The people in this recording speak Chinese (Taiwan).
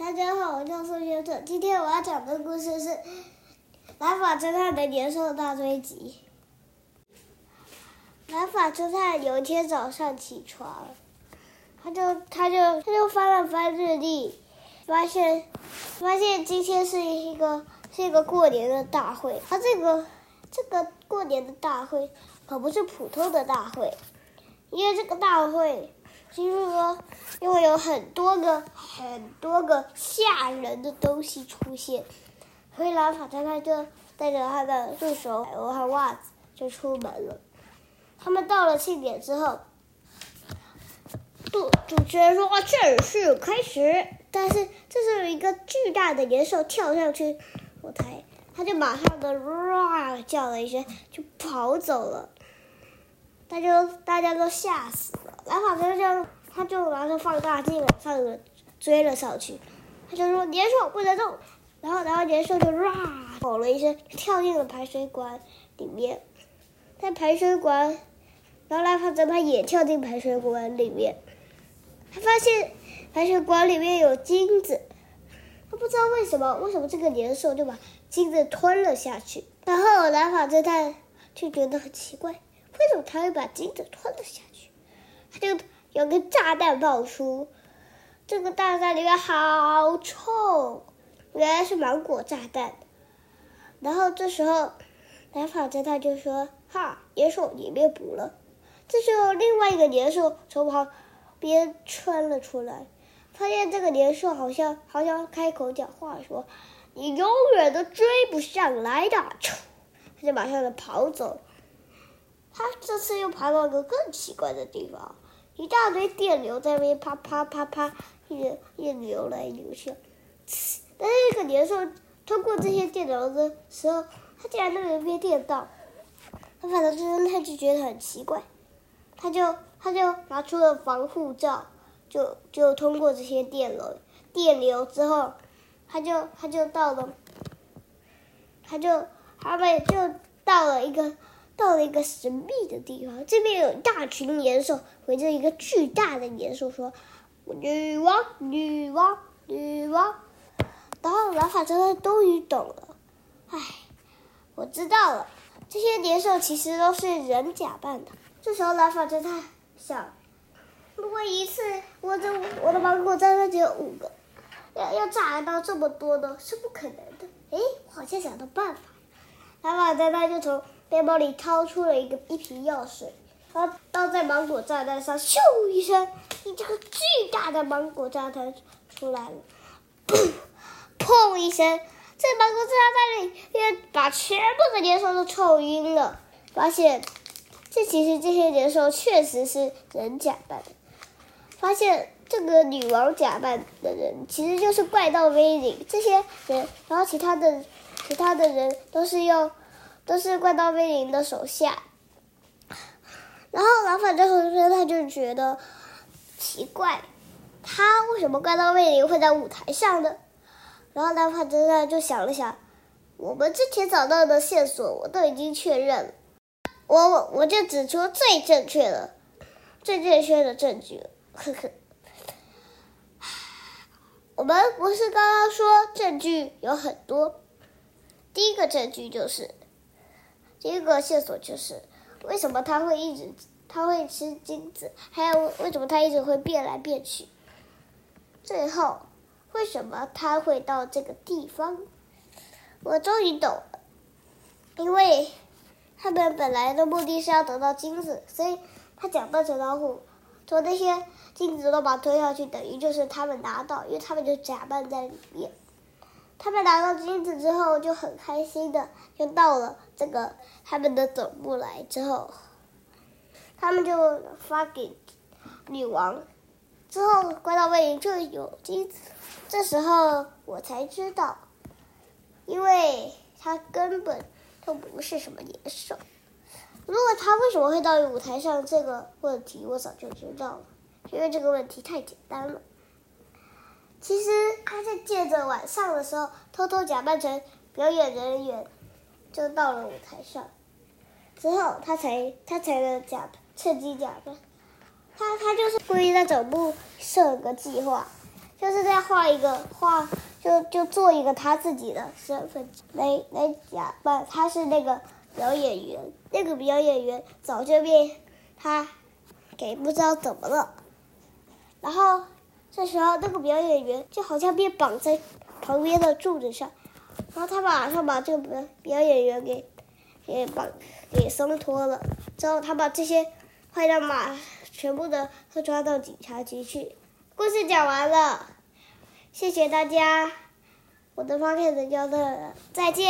大家好，我叫宋學特。今天我要講的故事是《藍髮偵探的年獸大追擊》。藍髮偵探有一天早上起床，他就他就他就翻了翻日曆，發現發現今天是一個是一個過年的大會。他、啊、這個這個過年的大會可不是普通的大會，因為這個大會。聽說，因為有很多個、很多個嚇人的東西出現，灰狼反正那就帶着他的助手還有他的襪子就出門了。他們到了慶典之後，主主持人說正式、啊、開始，但是這時候有一個巨大的野獸跳上去舞台，他就馬上的哇叫了一聲就跑走了。他就大家都嚇死了，藍髮偵探就他就拿着放大鏡了上追了上去，他就說：“年獸不能動。”然後，然後年獸就哇吼了一聲，跳進了排水管裡面。在排水管，然後藍髮偵探他也跳進排水管裡面，他發現排水管裡面有金子，他不知道為什麼，為什麼這個年獸就把金子吞了下去。然後藍髮偵探他就覺得很奇怪。為什麼他會把金子吞了下去？他就有個炸彈爆出，這個炸彈裡面好臭，原來是芒果炸彈。然後這時候，藍髮偵探他就說：“哈，年獸你被捕了。”這時候，另外一個年獸從旁邊竄了出來，發現這個年獸好像好像開口講話說：“你永遠都追不上來的。”他就馬上就跑走。他這次又爬到一個更奇怪的地方，一大堆電流在那啪啪啪啪一直一直流來流去，但是那個年獸通過這些電流的時候，他竟然都沒被電到，他反正就是他就覺得很奇怪，他就他就拿出了防護罩，就就通過這些電流電流之後，他就他就到了，他就他被就到了一個。到了一個神秘的地方，這邊有一大群年獸圍着一個巨大的年獸說：“女王，女王，女王。”然後藍髮偵探終於懂了，哎，我知道了，這些年獸其實都是人假扮的。這時候藍髮偵探想：“如果一次，我這我的芒果炸彈只有五個，要要炸到這麼多呢，是不可能的。”哎，我好像想到辦法，藍髮偵探就從。背包裡掏出了一個一瓶藥水，然後倒在芒果炸彈上，咻一聲，一個巨大的芒果炸彈出來了，砰一聲，在芒果炸彈裡邊把全部的年獸都臭暈了。發現這其實這些年獸確實是人假扮的，發現這個女王假扮的人其實就是怪盜 Vicky 這些人，然後其他的其他的人都是用。都是怪盜威廉的手下，然後藍髮偵探他就覺得奇怪，他為什麼怪盜威廉會在舞台上呢？然後藍髮偵探就想了想，我們之前找到的線索我都已經確認了，我我我就指出最正確的、最正確的證據。呵呵，我們不是剛剛說證據有很多，第一個證據就是。第一個線索就是，為什麼他會一直他會吃金子？還有為什麼他一直會變來變去？最後，為什麼他會到這個地方？我終於懂了，因為他們本來的目的是要得到金子，所以他假扮成老虎，從那些金子都把他推下去，等於就是他們拿到，因為他們就假扮在裡面。他們拿到金子之後就很開心的，就到了這個他們的總部來之後，他們就發給女王，之後怪盜位就有金子。這時候我才知道，因為他根本就不是什麼年獸。如果他為什麼會到舞台上這個問題，我早就知道了，因為這個問題太簡單了。其實他在借着晚上的時候偷偷假扮成表演人員，就到了舞台上，之後他才他才能假趁機假扮，他他就是故意在總部設個計劃，就是在畫一個畫就就做一個他自己的身份來來假扮他是那個表演員，那個表演員早就被他給不知道怎麼了，然後。這時候，那個表演員就好像被綁在旁邊的柱子上，然後他馬上把這個表演員給給綁給鬆脫了。之後，他把這些壞蛋馬全部的都抓到警察局去。故事講完了，謝謝大家，我的發片人交代了，再見。